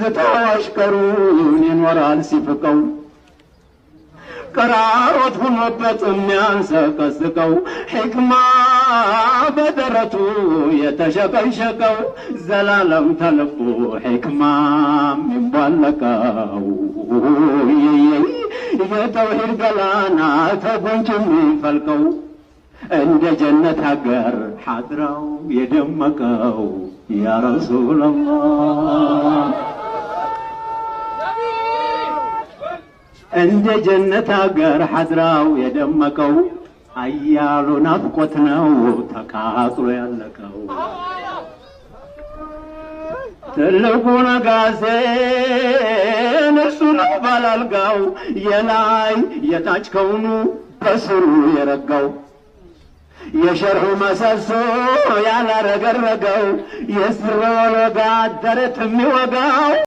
ትተው አሽከሩን ይኖራል ሲፍቀው ቀራሮት ሆኖበት የሚያንሰቀስቀው ሕክማ በደረቱ የተሸቀሸቀው ዘላለም ተልፎ ሕክማ የሚባለቀው የተውሂድ ገላና ተጎንጭ የሚፈልቀው እንደ ጀነት ሀገር ሓድራው የደመቀው ያ ረሱላላህ እንደ ጀነት አገር ሐድራው የደመቀው አያሉ ናፍቆት ነው ተቃጥሎ ያለቀው ትልቁ ነጋሴ እርሱ ነው ባላልጋው የላይ የታች ከውኑ በስሩ የረጋው የሸርሑ መሰሶ ያላረገረገው የስሮ ወለጋ ደረት የሚወጋው